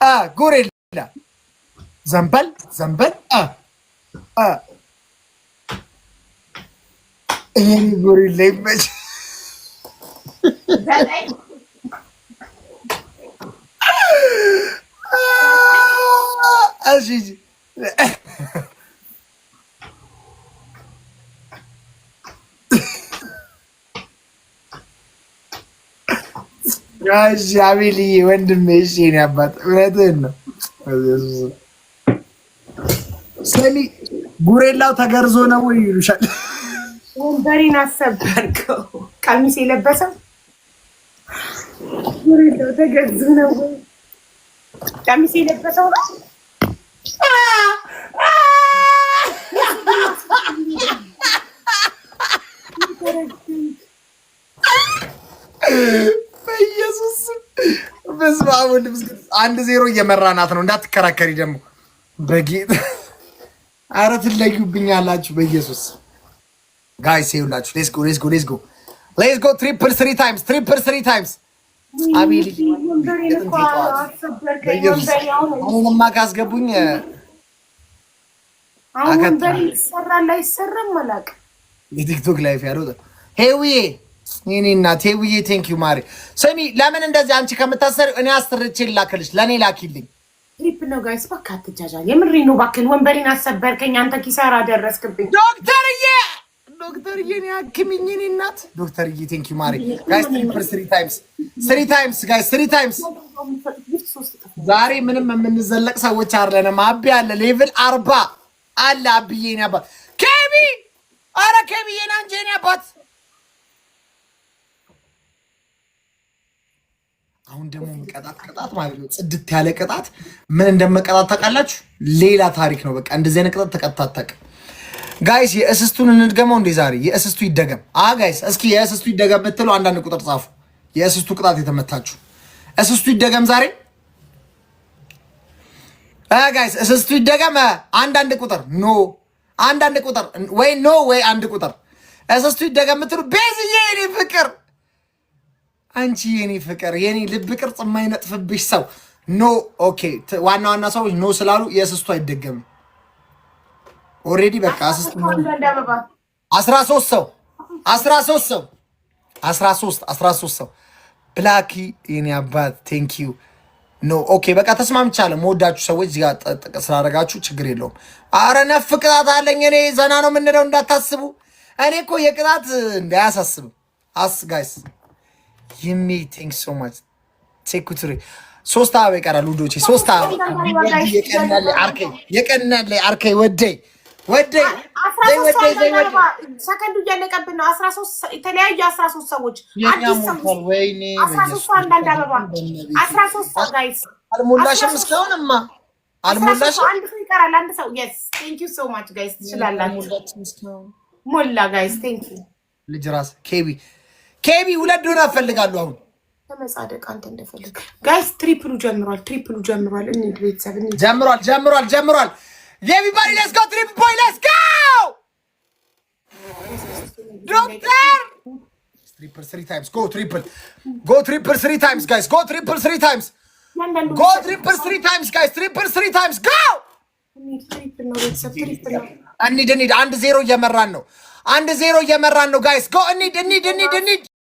ah gorilla. Zambal, zambal, Ah, ah. Eh, il est gorilla, mais. Ah, j'ai dit. አቤልዬ ወንድሜ፣ እሺ የእኔ አባት እውነትህን ነው። ሰኒ ጉሬላው ተገርዞ ነው ወይ ይሉሻል። ወንበሬን አሰባርከው ቀሚስ የለበሰው ጉሬላው ተገርዞ ነው ወይ ቀሚስ የለበሰው ነው። በስመ አብ ወልድ ምስክር አንድ ዜሮ እየመራናት ነው። እንዳትከራከሪ ደግሞ በጌጥ አረ አላችሁ። በኢየሱስ ጋይ ሴዩላችሁ። ሌስ ጎ ሌስ ጎ ሌስ ጎ ሌስ ጎ ትሪፕል ስሪ ታይምስ ትሪፕል ስሪ ታይምስ። አቤል አሁንማ ካስገቡኝ አሁን ይሰራል አይሰራም አላውቅም። የቲክቶክ ላይፍ ያለው ሄዊዬ የኔ እናቴ ውዬ ቴንክ ዩ ማሪ። ስሚ ለምን እንደዚህ አንቺ ከምታሰር እኔ አስርቼ ላክልሽ፣ ለእኔ ላኪልኝ። ሪፕ ነው ጋይስ፣ እባክህ አትጃጃል። የምሬ ነው እባክህን። ወንበሬን አሰበርከኝ አንተ፣ ኪሳራ ደረስክብኝ። ዶክተርዬ ዶክተርዬ፣ እኔ አክሚኝ የኔ እናት። ዶክተርዬ ቴንክ ዩ ማሪ። ጋይስ ትሪፕ ስሪ ታይምስ፣ ስሪ ታይምስ ጋይስ፣ ስሪ ታይምስ። ዛሬ ምንም የምንዘለቅ ሰዎች አይደለንም። አቢ አለ ሌቭል አርባ አለ አብዬ ኔ አባት ኬቢ፣ አረ ኬቢ ና አባት አሁን ደግሞ ቅጣት ቅጣት ማለት ነው። ጽድት ያለ ቅጣት ምን እንደመቀጣት ታውቃላችሁ? ሌላ ታሪክ ነው። በቃ እንደዚህ አይነት ቅጣት ተቀጣታቅ ጋይስ። የእስስቱን እንድገመው እንዴ ዛሬ የእስስቱ ይደገም። አዎ ጋይስ፣ እስኪ የእስስቱ ይደገም ብትሉ አንዳንድ ቁጥር ጻፉ። የእስስቱ ቅጣት የተመታችሁ እስስቱ ይደገም ዛሬ ጋይስ፣ እስስቱ ይደገም። አንዳንድ ቁጥር ኖ፣ አንዳንድ ቁጥር ወይ ኖ ወይ አንድ ቁጥር እስስቱ ይደገም ብትሉ ቤዝዬ የኔ ፍቅር አንቺ የኔ ፍቅር የኔ ልብ ቅርጽ የማይነጥፍብሽ ሰው ኖ ኦኬ። ዋና ዋና ሰዎች ኖ ስላሉ የስስቱ አይደገምም። ኦልሬዲ በቃ ስስቱ አስራ ሶስት ሰው አስራ ሶስት ሰው አስራ ሶስት አስራ ሶስት ሰው ብላኪ የኔ አባት ዩ ኖ ኦኬ። በቃ ተስማምቻለሁ። መወዳችሁ ሰዎች እዚህ ጋር ጠቅ ስላደረጋችሁ ችግር የለውም። አረ ነፍ ቅጣት አለኝ እኔ ዘና ነው የምንለው እንዳታስቡ። እኔ እኮ የቅጣት እንዳያሳስብ አስ ጋይስ ይሚ ቴንክ ሶ ማች ሴኩትሪ ሶስት አበ ይቀራል ውዶቼ። ሶስት አበባ የቀናለ አርከ ወደይ ወደይ ሰከንዱ እያለቀብን ነው። የተለያዩ አስራ ሶስት ሰዎች አስራ ሶስት አንዳንድ አልሞላሽም። እስካሁንማ አልሞላሽም። አንድ ሰው ይቀራል። አንድ ሰው ሞላ ጋይስ ቴንክ ዩ ልጅ ራስ ኬቢ ኬቢ ሁለት ዶላር አፈልጋሉ። አሁን ተመጻደቅ አንተ እንደፈልግ ጋይስ፣ ትሪፕሉ ጀምሯል። ትሪፕሉ ጀምሯል። እንሂድ ቤተሰብ ጀምሯል፣ ጀምሯል፣ ጀምሯል። ኤቪባዲ ሌስ ጎ ትሪፕል ቦይ ሌስ ጎ ዶክተር ትሪፕል ስሪ ታይምስ ጎ ትሪፕል ጎ ትሪፕል ስሪ ታይምስ ጋይስ ጎ ትሪፕል ስሪ ታይምስ ጎ ትሪፕል ስሪ ታይምስ ጋይስ ትሪፕል ስሪ ታይምስ ጎ እንሂድ እንሂድ። አንድ ዜሮ እየመራን ነው። አንድ ዜሮ እየመራን ነው ጋይስ። ጎ እንሂድ እንሂድ እንሂድ እንሂድ